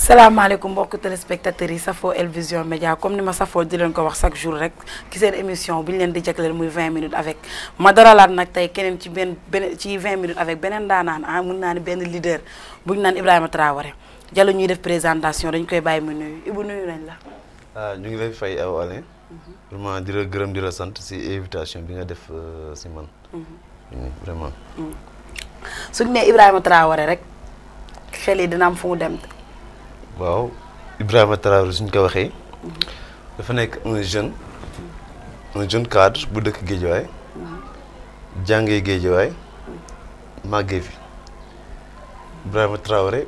salaamaaleykum mbokk téléspectateurs yi safoo El Vision Média comme ni ma safoo di leen ko wax chaque jour rek ci seen émission bi ñu leen di jagleel muy 20 minutes avec ma daralaat nag tey ci benn ci 20 minutes avec beneen daanaan ah mun naa ni benn leader bu ñu naan Ibrahima Traoré Diallo ñuy def présentation dañ koy bàyyi mu nuyu Ibou nuyu nañ la. ah ñu ngi lay fay aw Alain. vraiment di la di la sant si invitation bi nga def euh, si mm-hmm. mm, vraiment. Mm. suñu nee Ibrahima Traoré rek xel yi dina am fu mu dem. waaw Ibrahima Traoré suñ ko waxee dafa nekk un jeune un jeune cadre bu dëkk Géejawaay jàngee Géejawaay màggee fi Ibrahima Traoré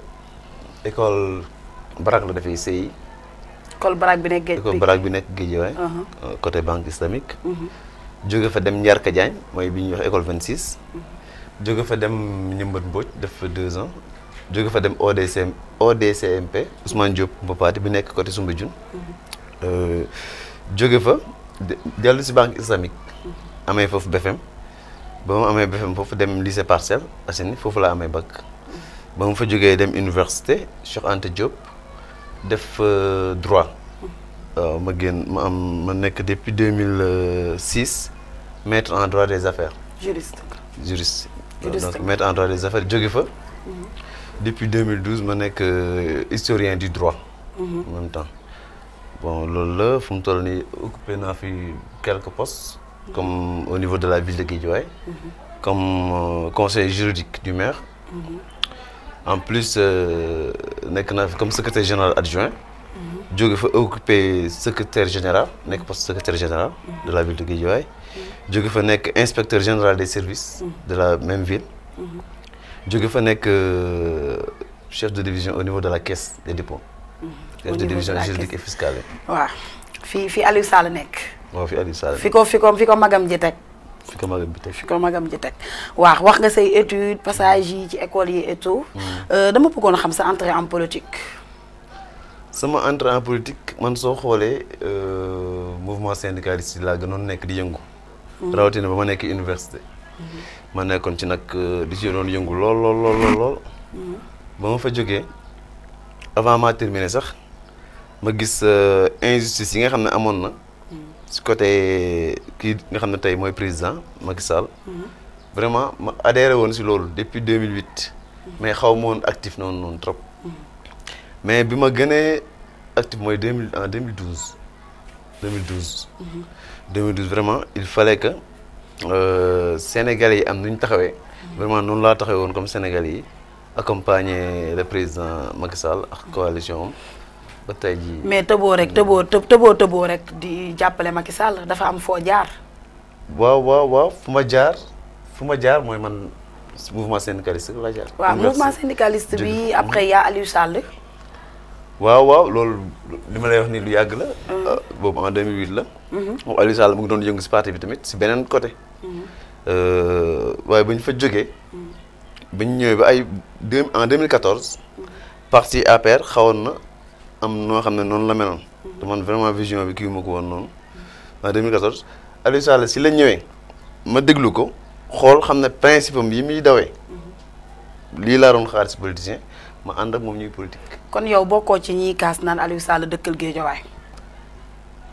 école barak la dafay sëyi. école barak bi nekk Géej école barak bi nekk Géejawaay. Uh-huh. Euh, côté banque islamique. Uh-huh. jóge fa dem Njarka Diagne mooy bi ñuy wax école 26. Uh-huh. jóge fa dem Ñëmbat Mbodj def fa deux ans. jóge fa dem ODCM ODCMP Ousmane Diop Mbapaati bi nekk côté Soumbédioune mhm. euh, jóge fa dellu si banque islamique mhm. amee foofu BFM ba mu amee BFM foofu dem lycée Parcelles Assainies foofu la amee bac mhm. ba mu fa jógee dem université Cheikh Anta Diop def euh, droit waaw ma génn ma am ma nekk depuis 2006 maître en droit des affaires juriste juriste donc maître en droit des affaires jóge fa depuis 2012 je suis historien du droit. Mhm. en même temps bon occupé quelques postes. Mhm. comme au niveau de la ville de Guédiawaye. Mhm. comme euh, conseiller juridique du maire. en plus euh, comme secrétaire général adjoint. Je suis occupé secrétaire général secrétaire général. de la ville de Guédiawaye. Je suis inspecteur général des services. de la même ville. Je fa euh, chef de division au niveau de la caisse des dépôts. Mhm. chef de division juridique et fiscale Oui, Fi Aliou magam fi magam wax nga passage école et tout. Mhm. Euh, dama xam sa entrée en politique. sama entrée en politique man euh, mouvement syndicaliste la di mhm. université ma nekkoon ci nag euh, di ci doon yëngu lool lool lool lool. ba ma fa jógee avant maa terminer sax ma gis euh, injustice yi nga xam ne amoon na. ci côté euh, kii nga xam ne tey mooy président Macky Sall. vraiment ma adhéré woon ci loolu depuis 2008. mais xaw ma woon actif noonu noonu trop. mais bi ma gënee actif mooy deux en 2012. 2012. 2012 vraiment il fallait que. Euh, Sénégalais am taxawé vraiment non la taxé comme Sénégalais le président Macky Sall coalition ba mais tebo rek tebo tebo tebo rek di jappalé Macky Sall dafa am fo jaar. waaw waaw mouvement syndicaliste la mouvement syndicaliste bi après ya Aliou Sall. waaw waaw loolu li wax ni lu yàgg la. Mm-hmm. Euh, boobu en 2008 la. Mm-hmm. Aliou Sall mu ngi doon parti bi tamit côté. Euh, waaye bu ñu fa jógee. Mm-hmm. bu ñu ñëwee ba ay de en 2014. Mm-hmm. parti APR xawoon na am noo xam ne noonu la meloon. Mm-hmm. te man vraiment vision bi kii ma ko woon noonu. en 2014 Aliou Sall si la ñëwee. ma déglu ko xool xam ne principe am yi muy dawee. lii laa doon xaar si politicien ma ànd ak moom ñuy politique. kon yow bokkoo ci ñiy kaas naan Aliou Sall dëkkal Guédiawaye.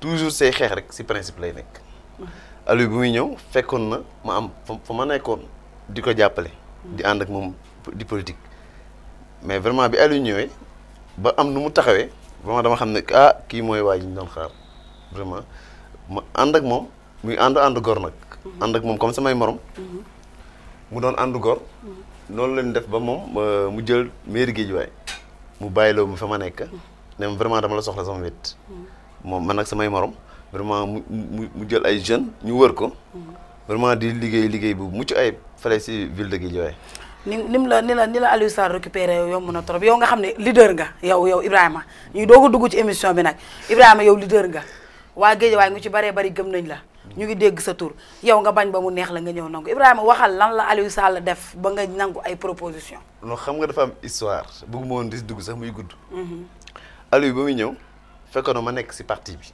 toujours c'est xeex rek ci principe lay nek Aliou bu muy ñew fekkon na ma am fa ma nekkoon di ko di and ak mom di politique. mais vraiment bi Aliou ñewé ba am nu mu taxawé vraiment dama xamné ah ki moy waa ñu doon xaar vraiment ma and ak mom muy and and gor nak and ak mom comme samay morom. mu doon and gor. noonu lañ def ba mom mu jël mairie Guédiawaye mu bayilo mu fa ma nekk. ne vraiment dama la soxla sama wet. mom man ak samay morom vraiment mu mu jël ay jeunes ñu wër ko vraiment di liggéey liggéey bu mucc ay fale ci ville de Guédiawaye ni nim la ni la ni la Aliou Sarr récupéré yow yomb na trop yow nga xamné leader nga yow yow Ibrahima ñu dogu a dugg ci émission bi nak Ibrahima yow leader nga waa Guédiawaye ngi ci bari bari gëm nañ la ñu ngi dégg sa tour yow nga bañ ba mu neex la nga ñëw nangu Ibrahima waxal lan la Aliou Sall def ba nga nangu ay proposition non xam nga dafa am histoire bëgg mo di dugg sax muy gudd mhm. Aliou ba muy ñëw fekkoon ma nek ci parti bi.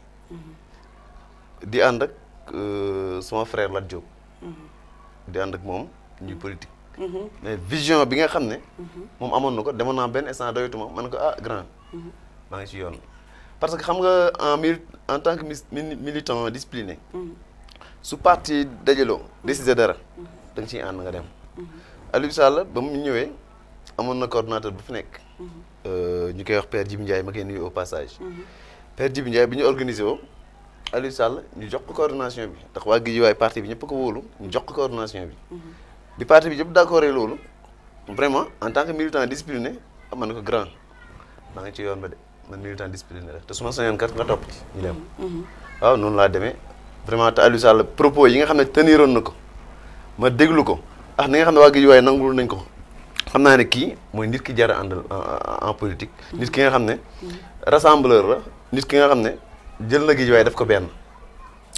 di and ak euh, sama frère Lat Diop. di and ak mom ñuy politique. mais vision bi nga xam ne. moom amoon na ko demoon naa benn instant doyatuma man ko ah grand. maa ngi ci yoon parce que xam nga en en tant que militant discipliné. su parti dajelo décider dara. da ci and nga dem. Aliou Sall ba mu ñëwee amoon na coordonnateur bu fi euh ñu koy wax Père Jim Ndiaye ma koy nuyu au passage. Père Djibi Ndiaye bi ñu organisé woo Aliou ñu jox ko ordination bi ndax waa Guédiawaye parti bi ñëpp ko wóolu ñu jox ko coordination bi. di mhm. parti bi ñëpp d'accord loolu vraiment en tant que militant discipliné am ah, na ko grand maa ngi ci yoon ba de man militant discipliné rek te su ma sañoon kat nga topp ñu dem. Mhm. Mhm. waaw noonu laa demee vraiment te Aliou Sall yi nga xam ne teniroon na ko ma déglu ko ah ni nga xam ne waa Guédiawaye nangul nañ ko. xam naa ne kii mooy nit ki jar a en politique. nit ki nga xam ne rassembleur la. nit ki nga xam ne jël na Guédiawaye def ko benn.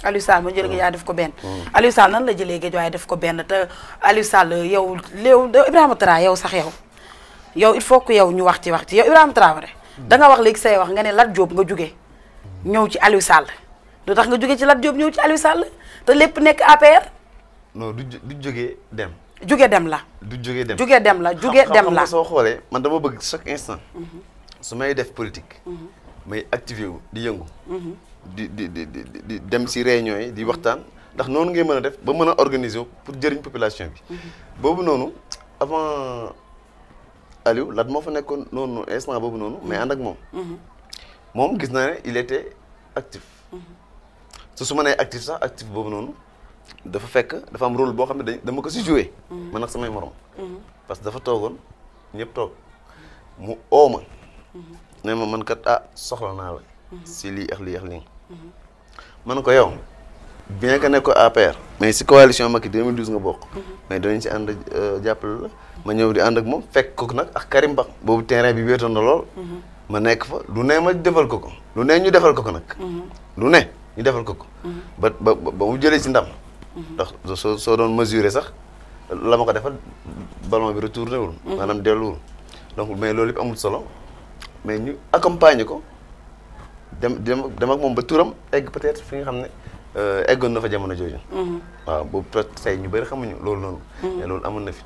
Aliou Sall mu jël mm. Guédiawaye def ko benn. Mm. Aliou Sall nan la jëlee Guédiawaye def ko benn te Aliou Sall yow léew Ibrahima Tra yow sax yow yow il faut que yow ñu wax ci wax ci yow Ibrahima Traoré mm. da nga wax léegi say wax nga ne Lat jóob nga jóge ñëw ci Aliou Sall lu tax nga jóge ci Lat jóob ñëw ci Aliou Sall te lépp nekk APR. non du du jógee dem. jóge dem la. du jóge dem jóge dem la jóge dem la. soo xoolee man dama bëgg chaque instant. Mm-hmm. su may def politique. Mm-hmm. may activé wu di yëngu. Mhm. di di di di dem si réunion yi di waxtaan ndax noonu ngay mën a def ba mën a organiser wu pour jëriñ population bi. Mhm. boobu noonu avant Aliou lat moo fa nekkoon noonu instant boobu noonu mais mhm. ànd ak moom. moom gis naa ne il était actif. su su ma nee actif sax actif boobu noonu dafa fekk dafa am rôle boo xam ne dama ko si joué. man ak samay morom. parce que dafa toogoon ñëpp toog mu ooma ne ma man kat ah soxla na la ci mhm. li akh li akh li man ko yow bien que ne ko APR mais si coalition makki 2012 nga bok mhm. mais dañ si and euh, jappal la ma ñew di and ak mom fekk ko nak ak Karim Ba bobu terrain bi wéetoon na lool mhm. ma nek fa lu ne ma defal ko ko lu ne ñu defal ko ko nak lu ne ñu defal ko ko ba ba mu jëlee ci ndam ndax so soo doon mesurer sax lama ko defal ballon bi retourner wul manam delluwul donc mais lolip amul solo mais ñu accompagner ko dem dem dem ak moom ba turam egg peut-être fi nga xam ne euh, eggoon na fa jamono jooju. Mhm. waaw boobu peut-être tey ñu bëri xamuñu loolu noonu. Mhm. loolu amoon na fi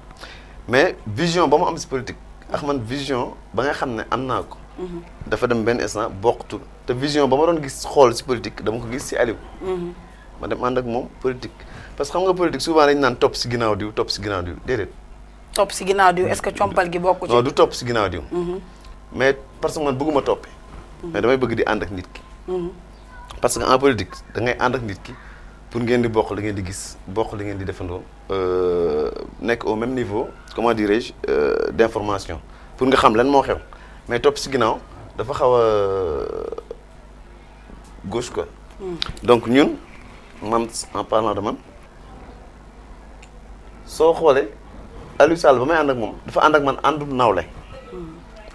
mais vision ba mu am politique. ak man vision ba nga xam ne am naa ko. Mhm. dafa dem benn instant bokkutul te vision ba ma doon gis xool si politique dama ko gis si Aliou. ma dem ànd ak moom politique parce que xam nga politique souvent dañu naan topp si ginnaaw diw topp si ginnaaw diw déedéet. topp si ginnaaw diw est-ce que compal gi bokku du topp si ginnaaw diw. mais parce que man bëgguma topé mm-hmm. mais damay bëgg di and ak nit ki mm-hmm. parce que en politique da ngay and ak nit ki pour ngeen di bokk li ngeen di gis bokk li ngeen di euh nek au même niveau comment dirais je euh, d'information pour nga xam lan mo xew mais top ci ginnaaw dafa xaw euh, gauche quoi mm. donc ñun man en parlant de man so xolé alu Sall ba may ak mom dafa and ak man àndum nawle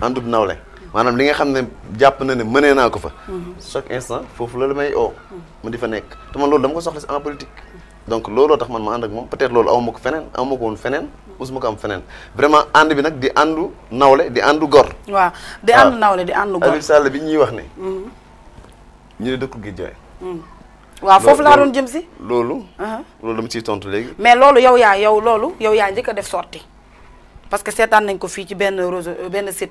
àndub nawle maanaam li nga xam ne jàpp na ne mënee naa ko fa mhm. chaque instant foofu la may oo mhm. mu di fa nekk te man loolu dama ko soxla si en politique donc looloo tax man ma ànd ak moom peut-être loolu awma ko feneen awma bi nag di àndu nawle di àndu gor waaw di ah. àndu nawle di àndu gor Aliou Sall mhm. ñu ne dëkkul géej waay waaw foofu laa doon jëm si loolu uh-huh. loolu dama ciy tontu léegi mais loolu yow yaa yow loolu yow yaa njëkk a def sorti parce que seetaan nañ ko fii ci benn réseau benn site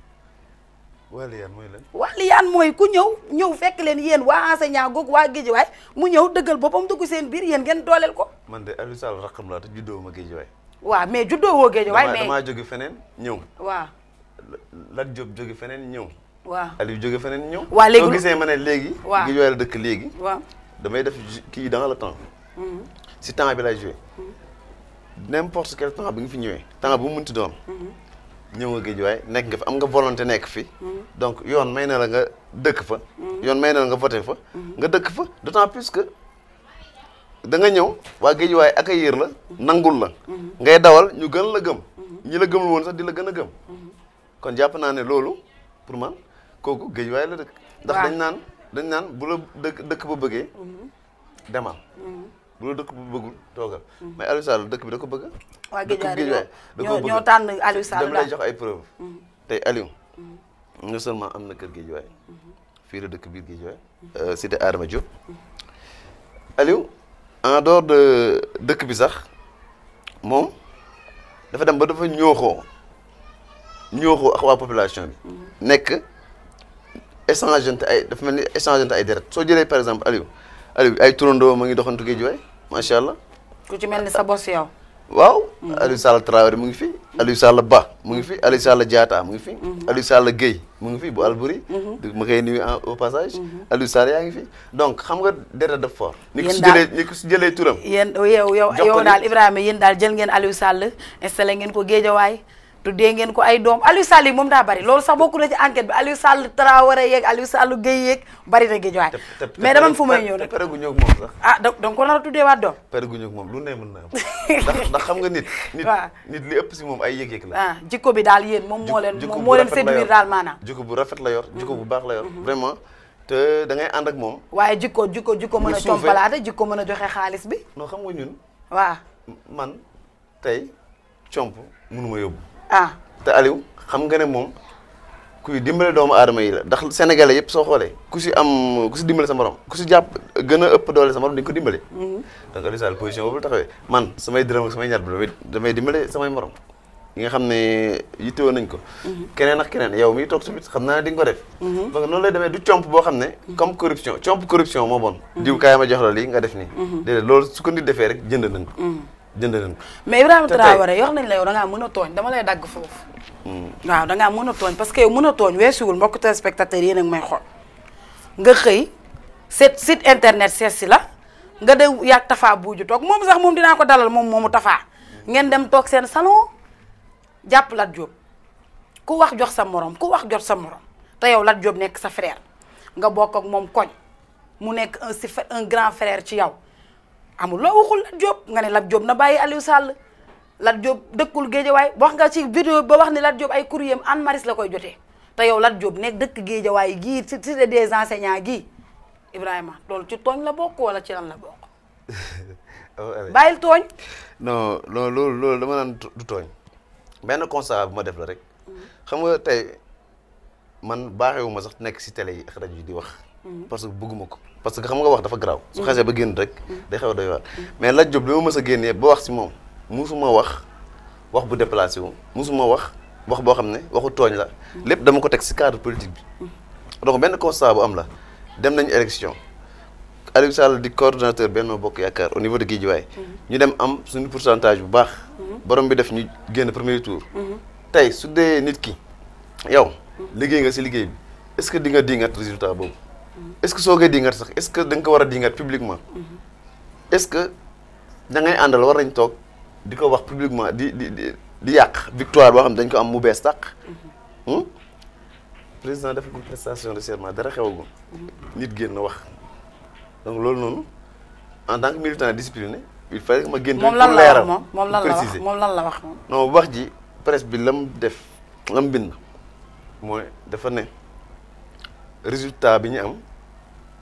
waliyaan mooy lan waliyaan mooy ku ñëw ñëw fekk leen yéen waa enseignant goog waa géejiwaay mu ñëw dëggal boppam dugg seen biir yéen ngeen dooleel ko man de Aliou Sall raqam laa te juddoo ma géejiwaay waa mais juddoo woo géejiwaay mais damaa jóge feneen ñëw la Lat Diop jóge feneen ñëw waaw Aliou jóge feneen ñëw waaw léegi soo gisee ma ne léegi waaw géejiwaay la dëkk léegi waaw damay def kii dans le temps mm-hmm. si temps bi lay joué mm-hmm. n'importe quel temps bi nga fi ñëwee temps bu mu ti doon mm-hmm. ñëwa Guédiawaye nekk nga fi am nga volonté nekk fi donc yoon may na la nga dëkk fa yoon may na la nga voté fa nga dëkk fa d'autant plus que da nga ñëw waa Guédiawaye accueillir la nangul la ngay dawal ñu gën la gëm ñi la gëmul woon sax di la gën a gëm kon jàpp naa ne loolu pour man kooku Guédiawaye la dëkk ndax dañ naan dañ naan bu la dëkk dëkk ba bëggee demal bu la dëkk bu bëggul toogal. Mhm. mais Aliou Sall dëkk bi da ko bëgg. waa Guédiawaye da ñoo tànn Aliou Sall lay jox ay preuve mhm. tey Aliou. Mhm. non seulement am na kër Guédiawaye. fii la dëkk biir Guédiawaye. Euh, cité Adama Diop. Aliou en dehors de dëkk bi sax moom dafa dem ba dafa ñooxoo ñooxoo ak waa population bi. nekk échangeante ay dafa mel ni échangeante ay deret soo jëlee par exemple Aliou Aliou ay turandoo ma ngi doxantu Guédiawaye. machallah allah. ku ci melni sa la yow. waaw mm-hmm. Aliou Sall Traoré mu ngi fi Aliou Sall Ba mu ngi fi mm-hmm. Aliou Sall mu ngi fi mm-hmm. Aliou Sall mu ngi fi bu ma au passage Aliou Sall ngi fi donc xam nga dara fort ni ko si ni ko si Ibrahima jël ngeen Sall ngeen ko tuddee ngeen ko ay doom Aliou Sall yi moom daa bari loolu sax bokku na ci enquet bi Aliou Sall Traoré yeeg Aliou Sall Guèye yeeg bari na géej waay mais dama fu may ñëw nag pere ñëw ah da nga ko nar doom pere gu ñëw moom lu ne mën na ndax xam nga nit nit nit li ëpp si moom ay yëg-yëg la ah jikko bi daal yéen moom moo leen moom moo leen séduire daal maanaam jikko bu rafet la yor mm-hmm. jikko bu baax la yor mm-hmm. vraiment te dangay ngay ànd ak moom waaye jikko jikko jikko mën a compalaate jikko mën a joxe xaalis bi non xam nga ñun waaw man tey comp mënuma yóbbu ah te Aliou xam nga ne moom kuy dimbale doomu aadama yi la ndax sénégalais yëpp soo xoolee ku si am ku si dimbale sa morom ku si jàpp gën a ëpp doole sa morom di ko dimbale. Mm-hmm. donc Aliou Sall position boobu man samay dërëm ak samay ñaar bi samay morom. yi nga xam ne yittewoo nañ ko. Mm-hmm. keneen ak keneen yow miy toog subit xam naa ne ko def. Mm-hmm. donc noonu lay demee du comp boo xam ne. comme corruption comp corruption moo bon. diw kaay ma jox la nga def nii. déedéet loolu su ko nit defee rek jënd nañ ko. jënd leen ko mais Ibrahima Traoré yor nañ la yow da ngaa mën a tooñ dama lay dagg foofu hmm. waaw da ngaa mën a tooñ parce que yow mën a tooñ mbokk téléspectateurs yéen ak may xool nga xëy seet site internet seet si la nga de yaag tafaa buuju toog moom sax moom dinaa ko dalal moom moomu tafaa ngeen dem toog seen salon jàpp Lat Diop ku wax jox sa morom ku wax jox sa morom te yow Lat Diop nekk sa frère nga bokk ak moom koñ mu nekk un un grand frère ci yow amul loo waxul Lat Diop nga ne Lat Diop na bàyyi Aliou sàll Lat Diop dëkkul Géejawaay wax nga ci vidéo ba wax ni Lat Diop ay courrier am Maris la koy jotee te yow Lat Diop nekk dëkk Géejawaay gii si cité des enseignants gii Ibrahima loolu ci tooñ la bokk wala ci lan la bokk. Oh, eh. bàyyil tooñ. non non loolu loolu dama naan du tooñ benn constat bu ma def la rek. xam nga tey man baaxewuma ma sax nekk si tele yi ak di wax. Mm-hmm. parce que bëgguma ko. parce que xam nga wax dafa garaaw su mm. xasee ba génn rek mm. day xew doy waar mais la Diop li ma mës a génnee ba wax si moom musuma wax wax bu déplacé wu musuma wax wax boo xam ne waxu tooñ la mm. lépp dama ko teg si cadre politique bi donc benn constat bu am la dem nañu élection Aliou di coordonnateur benn Bokk Yaakaar au niveau de Guédiawaye ñu dem am suñu pourcentage bu baax borom bi def ñu génn premier tour tey su dee nit ki yow liggéey nga si liggéey bi est-ce que di nga dingat résultat boobu est-ce que soo dingat sax est-ce que dang ko wara dingat publiquement mhm. est-ce que dangay andal war nañ toog di wax publiquement di di di di victoire bo xam dañ ko am mu tak mhm. hmm président ko prestation de serment dara xewagu mhm. nit genn wax donc loolu non en tant que militant discipliné il fallait que ma genn mom lan la wax mom lan la wax lan la wax non wax ji presse bi lam def lam bind moy dafa ne résultat bi ñi am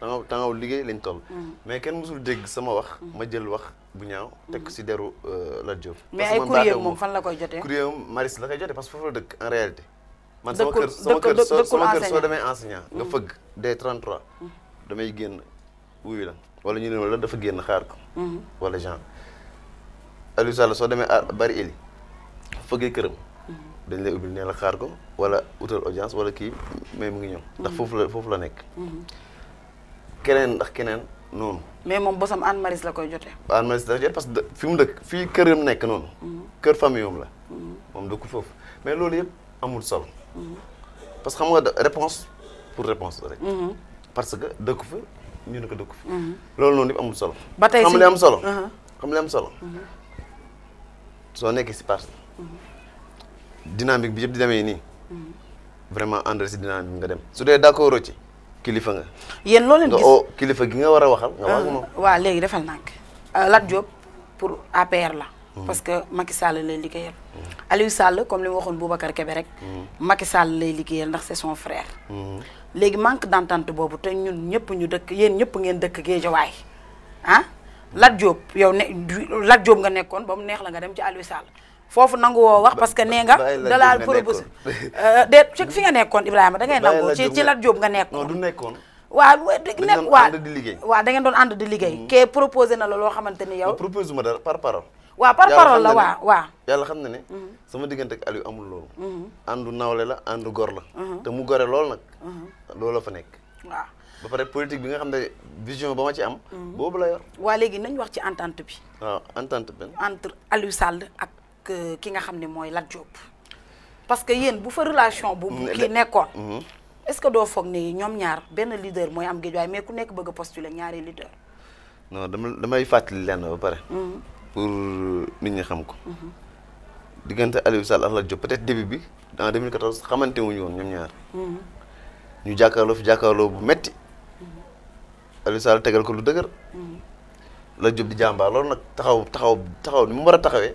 temps temps liggéey lañ toll. Mm. mais kenn mësul dégg sama wax. Mm. ma jël wax bu ñaaw. Mm. teg si deru euh, la mais ay courrier moom fan la koy jotee. courrier moom Maris la koy jotee parce que foofu la dëkk en réalité. man sama kër sama kër soo soo demee enseignant. nga fëgg des 33. damay génn wuyu la wala ñu ne la dafa génn xaar ko. wala genre Aliou soo demee bari ili fëggee këram. dañ lay ubbil nee la xaar ko wala utal audience wala kii mais mu ngi ndax foofu la foofu la nekk. keneen ndax keneen noonu. mais moom bosam Anne Maris la koy jotee. Anne Maris la jotee parce que fi mu dëkk fii këram nekk noonu. Mhm. kër famille am la. Mhm. moom dëkk foofu mais loolu yëpp amul solo. Mhm. parce que xam nga réponse pour réponse rek. parce que dëkk fa ñu ne ko dëkk fa. loolu noonu yëpp amul solo. ba tey xam li am solo. Uh-huh. xam li am solo. soo nekkee si parti. dynamique bi yëpp di demee nii. vraiment André si dynamique nga dem su dee d' accord ci. kilifa nga. yéen loo leen gis nga kilifa gi nga war a waxal. nga wax moom euh, waaw léegi defal nànk euh, Lat job pour APR la. Mm. parce que Macky Sall lay liggéeyal. Mm. Aliou Sall comme li ma waxoon Boubacar Kébé rek. Mm. Macky Sall lay liggéeyal ndax c'est son frère. léegi manque d'entente boobu te ñun ñëpp ñu dëkk yéen ñëpp ngeen dëkk Géejawaay ah Lat job yow ne Lat job nga nekkoon ba mu neex la nga dem ci Aliou Sall. fofu nangu woo wax parce que ne nga dalaal proposé euh, déet ci fi nga nekkon Ibrahima da ngay nangu ci ci Lat job nga nekkon non du nekkon wa nek wa wa da ngay don and di liguey mm-hmm. ke proposer na la lo xamanteni yow proposer ma dar par parole wa par parole la wa wa yalla xamna ne mm-hmm. sama diggante ak Aliou amul loolu andu mm-hmm. nawle la andu gor la te mu goré lol nak loolu la fa nek wa ba pare politique bi nga xamne vision bama ci am bobu la yor wa legui nañ wax ci entente bi wa entente bi entre Aliou Sall ak ak euh, ki nga xam ne mooy Lat Diop parce que yéen bu fa relation bu mm, kii nekkoon mm-hmm. est-ce que doo foog ni ñoom ñaar benn leader mooy am géej waaye mais ku nekk bëgg a postuler ñaari leader non dama damay fàttali lenn ba pare mm-hmm. pour euh, nit ñi xam ko mm-hmm. diggante Aliou Sall ak Lat Diop peut-être début bi en 2014 xamante wuñu woon ñoom ñaar ñu jàkkaarloo fi jàkkaarloo bu metti Aliou Sall tegal ko lu dëgër Lat Diop di jàmbaar loolu nag taxaw taxaw taxaw ni mu war a taxawee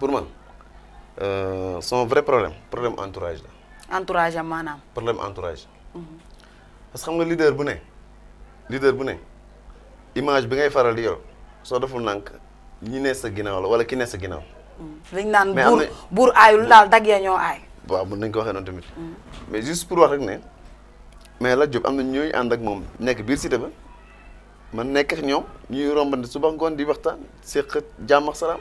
pour man euh, son vrai problème problème entourage là. entourage am problème entourage. Mhm. parce que xam nga leader bu ne. leader bu ne image bi ngay faral di yor soo deful nànk ñi ne sa ginnaaw la wala ki ne sa ginnaaw. dañ mhm. naan buur buur aayul daal dag ya ñoo aay. waaw mën nañ ko waxee noonu tamit. Mhm. mais juste pour wax rek ne. mais Lat job, am na ñooy ànd ak moom nekk biir cité ba man nekk ak ñoom ñuy rombante suba ngoon di waxtaan séq jàmm salam.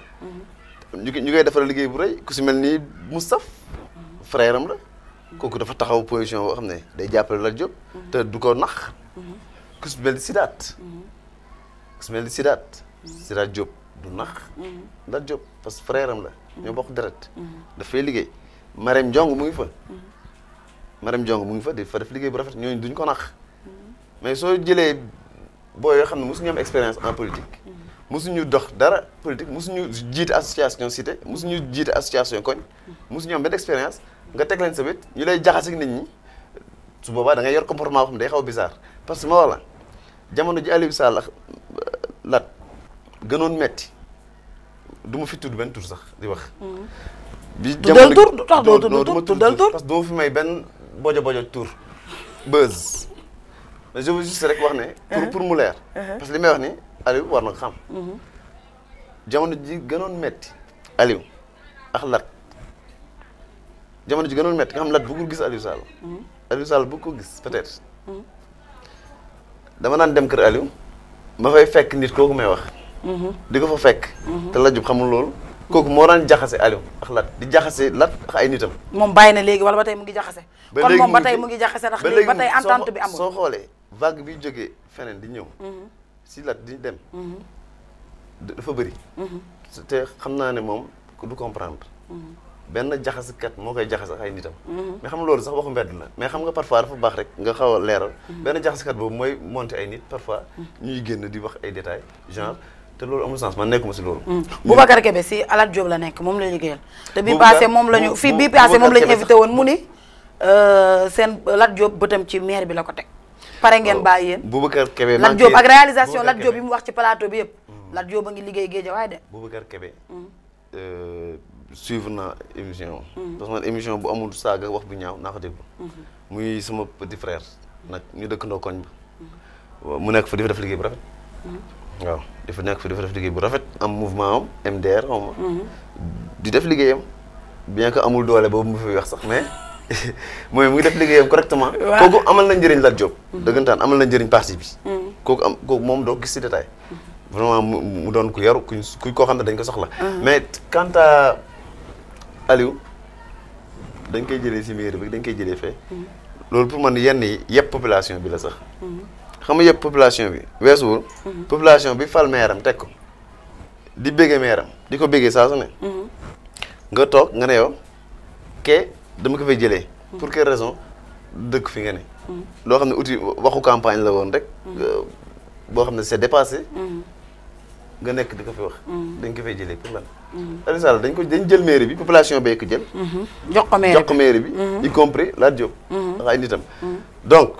ñu ngi ñu koy defaral liggéey bu rëy ku si mel ni Moustapha frère am la kooku dafa taxaw position boo xam ne day jàppale Lat job mm-hmm. te du ko nax mm-hmm. ku si mel ni Sidaat mm-hmm. ku si mel ni Sidaat Sidaat du nax Lat Diop parce que frère la ñoo bokk deret dafay liggéey Marème Diong mu ngi fa Marème Diong mu ngi fa di fa def liggéey bu rafet ñooñu duñ ko nax mais soo jëlee boo yoo xam ne mosuñu am expérience en politique musuñu dox dara politique musuñu jiite association cité musuñu jiite association koñ musuñu am benn expérience nga teg leen tamit ñu lay jaxase nit ñi su boobaa da ngay yor comportement boo xam ne day xaw bizarre parce que ma wax la jamono ji Aliou Sall euh, lat gënoon metti duma fi tudd benn tur sax di wax. Mm. bi jamono tur du tax doo tudd tur parce que du ma fi may benn bojo bojo tour buzz mais je rek wax ne. pour uh-huh. pour mu leer. Uh-huh. parce que li may wax ni. Aliou war na xam. Mhm. jamono ji gënoon metti Aliou ak Lat jamono ji gënoon metti nga xam Lat ko gis Aliou Sall. Mhm. Aliou Sall bu ko gis peut-être. Mhm. dama naan dem kër Aliou ma fay fekk nit kooku may wax. di ko fa fekk. te la jub xamul loolu. kooku moo daan jaxase Aliou ak Lat di jaxase Lat ak ay nitam. moom bàyyi na léegi wala ba tey mu ngi jaxase. kon moom ba mu ngi jaxase ndax entente bi amul. soo xoolee vague bi jógee feneen di ñëw. si la di dem. Mhm. Mhm. du comprendre. Mhm. koy jaxas ay nitam. mais xam lolu sax waxu mbedd la mais xam nga parfois dafa bax rek nga xaw leral ben kat moy monter ay nit parfois. ñuy di wax ay détails genre te lolu amul sens man si Kébé si Alat Diop la nekk la te bi passé mom la passé invité won mu ni euh, sen Lat Diop beutam ci maire bi la ko pare ngeen oh, bàyyi yéen Boubacar Kébé Lat Diop ak réalisation Lat Diop yi mu wax ci plateau bi yëpp hmm. Lat Diop a ngi liggéey géej waaye de Boubacar Kébé hmm. euh, suivre naa émission hmm. parce que émission bu amul saga wax bu ñaaw naa ko déglu muy sama petit frère nag ñu dëkkandoo koñ ba mu nekk fa di fa def liggéey bu rafet waaw dafa nekk fi dafa def liggéey bu rafet am mouvement am MDR am di def liggéeyam bien que amul doole boobu mu fi wax sax mais moy mu def liggéeyam correctement. koku amal na njëriñ job Diop. Mm-hmm. dëggantaan amal na njëriñ parti bi. koku am koku mom do gis ci detail mm-hmm. vraiment mu don ku yaru ku ko xamne dañ ko soxla. Mm-hmm. mais quant à Aliou dañ koy jëlé ci mairie bi dañ koy jëlé fé lool pour man yenn yépp population bi la sax. xam nga population bi weesuwul. population bi fal maire am di bégué maire am di ko sa saa su nga tok nga ke dama ko fay jëlee. pour quelle raison dëkk fi nga ne. loo xam ne outil waxu campagne la woon rek. boo xam ne c'est dépassé. nga nekk di ko fi wax. dañ ko fay jëlee pour lan. Aliou Sall dañ ko dañ jël maire bi population bay ko jël. jox ko maire bi jox ko mairie bi. Mhm. y compris Lat Diop. Mhm. ndax ay nitam. Mhm. donc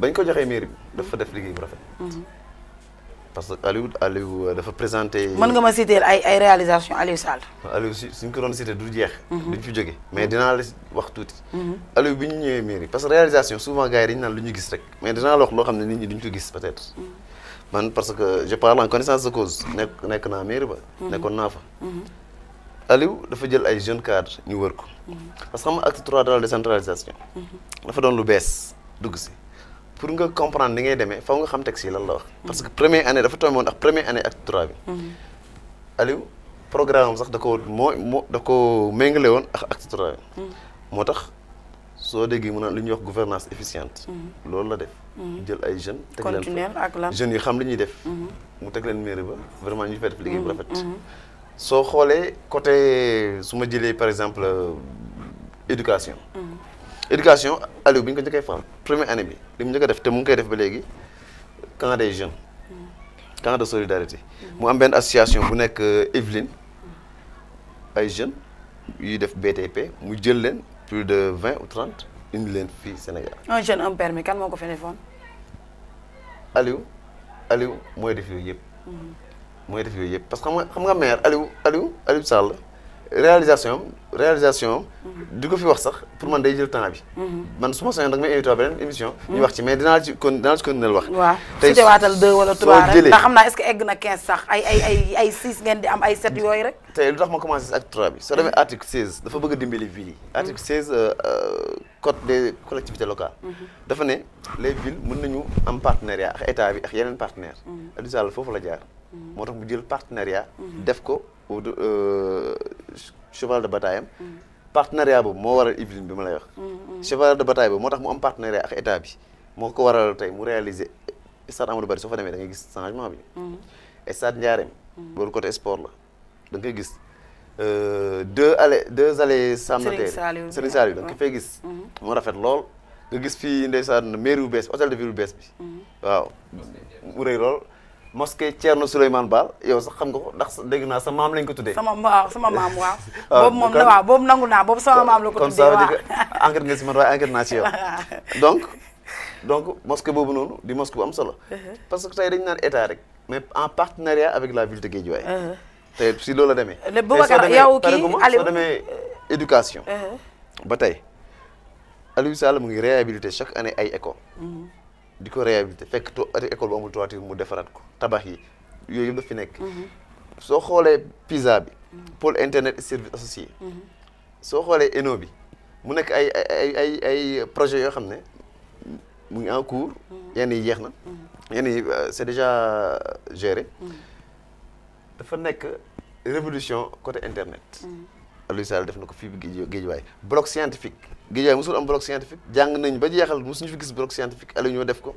bañ ko joxee maire bi dafa def liggéey bu rafet parce que Aliou Aliou euh, dafa présenté. nga citer ay ay Aliou Sall. Aliou si mhm. mais la mhm. Aliou parce que réalisation souvent gars yi mais peut-être. Mhm. parce que je parle en connaissance de cause. suis je la mairie Aliou jeunes cadres parce que l'acte de la décentralisation. dafa pour nga comprendre ni ngay faw nga xam texte la parce que première année dafa première année acte mhm. programme sax da ko dako moo won trois mhm. motax so wax gouvernance efficiente. Mhm. loolu la def. ay jeunes. jeunes yi xam li def. mu mairie ba vraiment ñu je def liggéey rafet. côté par exemple euh, éducation éducation Aliou biñ ko njëkkee fam première année bi li mu def té mu ngi def ba légui camp des jeunes mm. camp de solidarité mu am ben association bu nek euh, Yvelines ay jeunes yu def BTP mu jël len plus de 20 ou 30 une len fi Sénégal. un jeune un permis kan moko ko fi defoon. Aliou Aliou mooy def yooyu yëpp. Mm-hmm. mooy def yooyu yëpp parce que xam nga xam nga maire Aliou Aliou Aliou Sall réalisation réalisation am. Mhm. di ko fi wax sax pour man day jël temps bi. Mhm. man su ma sañoon ma may invité waa beneen émission. ñu mhm. wax ci mais dinaa ci kon dinaa ci neul wax. waaw su dee waatal deux wala trois rek ndax xam est-ce que egg na quinze sax ay ay ay ay six ngeen di am ay 7 yoy rek. tey lutax ma commencé ak 3 bi soo demee article 16 dafa bëgg a dimbali villes yi. article seize euh, euh, code des collectivités locales. dafa né les villes mën nañu am partenariat ak état bi ak yenen partenaire Aliou Sall foofu la jaar. motax tax mu jël partenariat. def ko. ou euh, cheval de bataille am. boobu moo waral Yvelines bi ma lay wax. cheval de bataille boobu moo tax mu am partenariat ak état bi moo ko waral tey mu réaliser stade Amadou Barry soo fa demee da gis changement bi. stade Ndiarème. loolu côté sport la da nga koy gis. Euh, deux allées deux allées Sam Notaire Serigne Saliou da nga ko fay gis. Mm-hmm. mu rafet lool nga gis fii ndeysaan mairie bu bees hôtel de ville bu bees bi. Mm-hmm. waaw mu rëy lool. mosquée Thierno Souleymane Baal yow sax xam nga ko ndax dégg naa sa maam lañ ko tuddee. sama waaw ah, sama maam waaw. Ah, boobu moom la waaw boobu nangu naa boobu sama maam la ko tuddee waaw kon ça enquête nga si man waaye enquête naa si yow donc donc mosquée boobu noonu di mosquée bu am solo. Uh-huh. parce que tey dañ naan état rek mais en partenariat avec la ville de Guédiawaye. Uh-huh. tey si loolu la demee. tey Boubacar yow kii Aliou soo demee éducation. Uh-huh. ba tey Aliou Sall mu ngi réhabiliter chaque année ay école. Mm-hmm diko réhabiliter réhabilité fekk to école bu amul toiture mu defaraat ko tabax yi yooyu yëpp fi nek mhm. so xolé pizza bi. pour internet et services associés. Mhm. soo xoolee ENO bi mu nek ay ay ay ay projet yo xamné mu ngi en cours. Mhm. yenn yi jeex na. yenn yi euh, c'est déjà euh, géré. dafa nek révolution côté internet. Aliou Sall def na ko fii bi géej waay bloc scientifique. Guédiawaye mosul am bloc scientifique jàng nañ ba jeexal mosuñu fi gis bloc scientifique Aliou ñoo def ko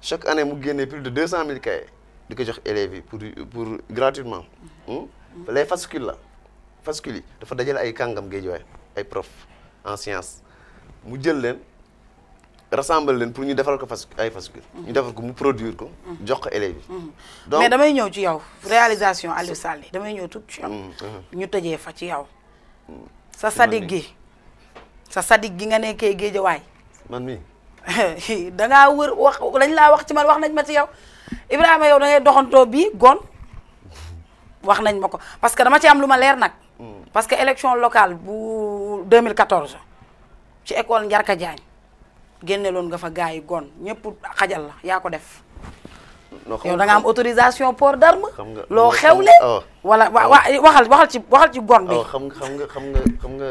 chaque année mu génnee plus de deux cent mille cahiers di ko jox élèves yi pour pour gratuitement hmm? Hmm. les fascicules la fascicules yi dafa dajale ay kàngam Guédiawaye ay prof en science mu jël leen rassemble leen pour ñu defal ko fas ay fascule hmm. ñu defal ko mu produire ko. jox ko élèves yi. mais damay ñëw ci yow réalisation Aliou Sall damay ñëw tout ci yow. ñu tëjee fa ci yow. sa sadik gi sa sadik gi nga nekkee géejawaay. man mi da ngaa wër wax lañ laa wax ci man wax nañ ma ci yow Ibrahima yow da ngay doxantoo bi gon wax nañ ma ko parce que dama ci am lu ma leer nag. Mm. parce que élection locale bu mille 2014 ci école Njarka Diagne génne loon fa gars yi gon ñëpp xajal la yaa ko def. yow danga am autorisation port d'arme. xam nga loo xewle. Oh. wala wa waxal waxal ci waxal ci gon bi. Oh, xam nga xam nga xam nga xam nga.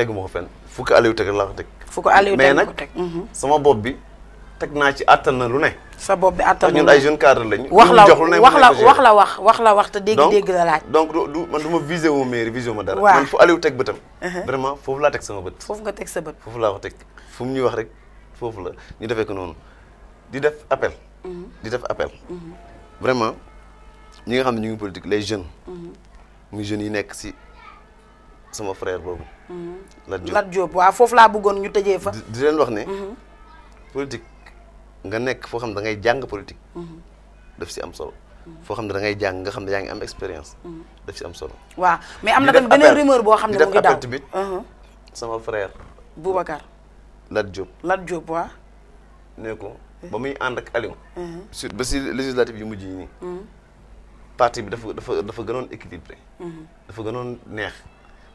teguma ko fenn fu ko Aliou teg laa ko teg. fu ko Aliou teg mais mhm. nag sama bopp bi teg naa ci attan na lu ne. sa bopp bi attan ñun ay jeune cadre lañu. wax la wax la wax la wax wax la wax te dégg-dégg la laaj. donc du man duma viser visé wu mairie visé ma dara. man fu Aliou teg bëtam. Uh-huh. vraiment foofu laa teg sama bët. foofu nga teg sa bët. foofu laa ko teg fu mu ñuy wax rek foofu la ñu defee ko noonu di def appel. Mhm. di def appel. Mhm. vraiment ñi nga xam ne ñu ngi politique les jeunes. muy jeunes yi nekk si. sama frère bobu mm-hmm. Lat Diop Lat Diop wa fof la bëggon ñu tejé fa. di len wax né mm-hmm. politique nga nek fo xam da ngay jang politique. Mm-hmm. daf ci am solo. fo xam da ngay jang nga xam da yaa am expérience. daf ci am solo. wa mais amna tam benen rumeur bo xam ne mu ngi daal hmm uh-huh. sama frère. Boubacar. Lat Diop Lat Diop wa né ko eh. ba muy and ak Aliou. Uh-huh. sur ba ci législatif yu mujj yi nii. parti bi dafa dafa dafa gënon équilibré. dafa gënon neex.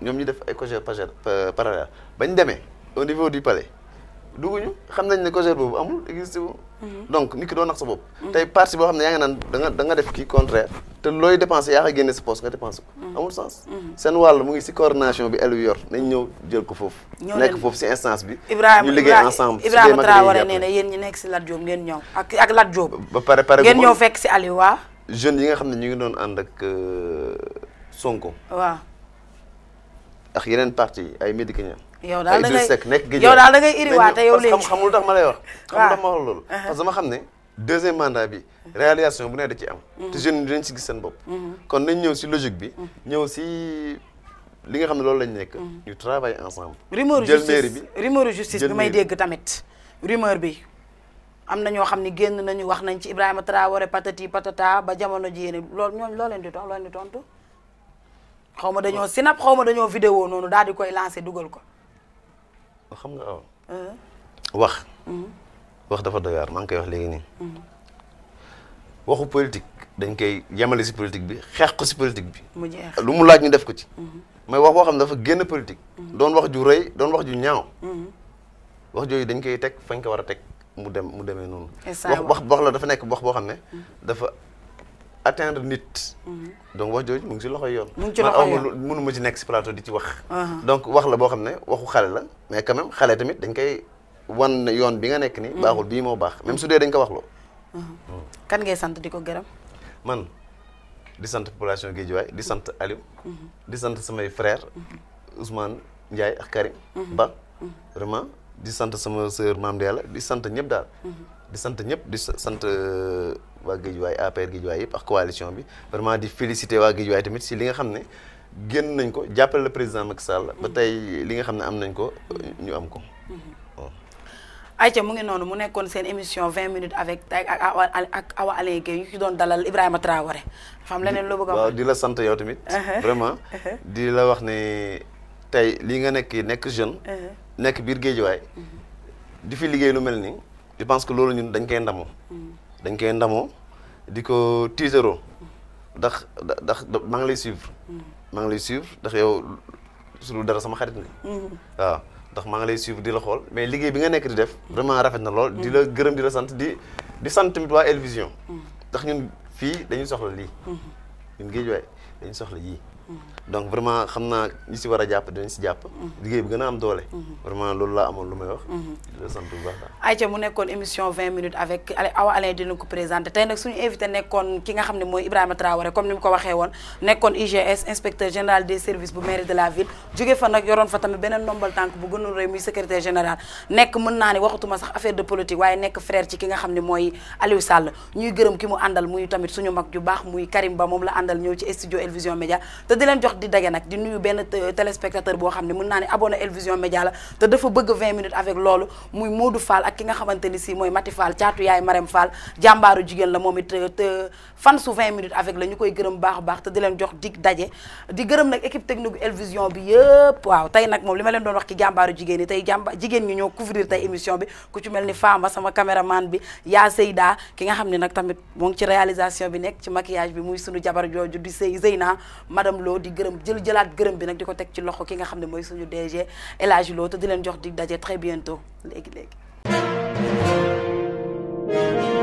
ñom ñi def ay cogère euh, parallèle bañ démé au niveau du palais dugguñu xam nañ ne cogère boobu amul existe wu mhm. donc nit ki doo nax sa bopp mhm. tey parti boo xam ne yaa nga naan da nga da nga def kii contraire te looy dépensé yaa xa génne sa poste nga dépensé ko mhm. amul sens seen wàll mu ngi si coordination bi elu yor nañ ñëw jël ko foofu nekk foofu si instance bi ñu liggéey ensemble Ibrahima Traoré nee na yéen ñi nekk si Lat Diop ngeen ñëw ak ak Lat Diop ba pare pare ngeen ñëw fekk si Aliou waa jeunes yi nga xam ne ñu ngi doon ànd ak euh, Sonko waaw ak yeneen parti yi ay médicaments. yow daal da ngay yow daal da ngay iriwaate yow léegi xam lu tax ma lay wax. xam lu tax ma wax loolu. Uh-huh. parce que dama xam ne deuxième mandat bi réalisation bu ne da ci am. Uh-huh. te jeunes yi dañ si gis seen bopp. Uh-huh. kon nañ ñëw si logique bi. ñëw si li nga xam ne loolu lañ nekk. ñu travaille ensemble. jël mairie bi rumeur justice bi may dégg tamit rumeur bi. am na ñoo xam ne génn nañu wax nañ ci Ibrahima Traoré patati patata ba jamono jii loolu ñooñu loo leen di tontu loo leen di tontu. xaw ma dañoo sinap xaw ma dañoo vidéo noonu daal di koy lancé dugal ko. nga aw wax. Hmm. wax dafa doy waar maa ngi koy wax léegi nii. Hmm. waxu politique dañ koy yemale si politique bi xeex ko si politique bi. mu lu mu laaj ñu def ko ci. Hmm. mais wax boo xam dafa génn politique. doon wax ju rëy doon wax ju ñaaw. wax jooju dañ koy teg fañ ko war a teg mu dem mu demee noonu. wax wax la dafa nekk wax boo xam ne dafa. atteindre nit mhm. donc wax jooju mu ngi ci loxoy yoon mu ngi ci nek ci plateau di ci wax uh-huh. donc wax la bo xamne waxu xalé la mais quand même xalé tamit dañ koy wan yoon bi nga nek ni mhm. baxul bi mo bax même su dee dañ ko wax lo uh-huh. kan ngay sante diko gëram man di sante population way di sante Aliou uh-huh. di sante samay frère Ousmane Ndiaye ak Karim Ba vraiment di sante sama sœur Mame Diallo di sant ñëpp daal di sante ñep di sante euh, waa Guédiawaye APR Guédiawaye yëpp ak coalition bi vraiment di féliciter waa Guédiawaye tamit si li nga xam ne génn nañ ko jàppale le président Macky Sall. ba mm-hmm. tey li nga xam ne am nañ ko ñu am ko. Mm-hmm. Aïcha mu ngi noonu mu nekkoon seen émission 20 minutes avec ak ak Awa Alain Gueye ñu ci doon dalal Ibrahima Traoré. xam leneen loo bëgg a waaw di la sant yow tamit. Uh-huh. vraiment uh-huh. di la wax ne tey li nga nekk nekk jeune. Uh-huh. nekk biir Guédiawaye. Mm-hmm. di fi liggéey lu mel nii. je pense que loolu ñun dañ koy dañ koy ndamo diko ko ndax ndax ma ngi lay suivre mm-hmm. ma ngi lay suivre ndax yow suñu dara sama xarit nga mm-hmm. waaw ndax ma ngi lay suivre di la xool mais liggéey bi nga nekk di def mm-hmm. vraiment rafet na lool di la gërëm di la sant di di sant tamit waa Elvision ndax ñun fii dañuy soxla lii ñun géej waay dañuy soxla yii donc vraiment xam naa ñi si war a jàpp dinañ si jàpp. Mhm. liggéey bi gën a am doole. Mhm. vraiment loolu laa amoon lu may wax. di la sant bu baax mu nekkoon émission 20 minutes avec Awa Alain dina ko présenter tey nag suñu invité nekkoon ki nga xam ne mooy Ibrahima Traoré comme ni mu ko waxee woon nekkoon IGS inspecteur général des services bu mairie de la ville jóge fa nag yoroon fa tamit beneen ndombal tànk bu gënoon rëy muy secrétaire général nekk mën naa ne waxatuma sax affaire de politique waaye nekk frère ci ki nga xam ne mooy Aliou Sall ñuy gërëm ki mu àndal muy tamit suñu mag ju baax muy Karim Ba moom la àndal ñëw ci studio Elvision Média di leen jox di daje nag di nuyu benn téléspectateur boo xam ne mën naa ne abonné Elvision Média la te dafa bëgg 20 minutes avec loolu muy Modou Fall ak ki nga xamante ni si mooy Mati Fall caatu yaay Marème Fall jàmbaaru jigéen la moom it te avec la ñu koy gërëm baax a baax te di leen jox dig daje di gërëm nag technique bu bi waaw tey nag moom li ma leen doon wax ci jàmbaaru jigéen ñi tey jàmba jigéen ñi ñoo couvrir tey émission bi ku ci mel ni Fama sama caméraman bi yaa Seyda ki nga xam ne nag tamit moo ngi ci réalisation bi nekk ci maquillage bi muy sunu jabar jooju di Sey Zeyna madame Lo di gërëm jël jëlat gërëm bi nak diko tek ci loxo ki nga xam moy suñu DG El Hadj te di len jox di daje très bientôt léegi léegi.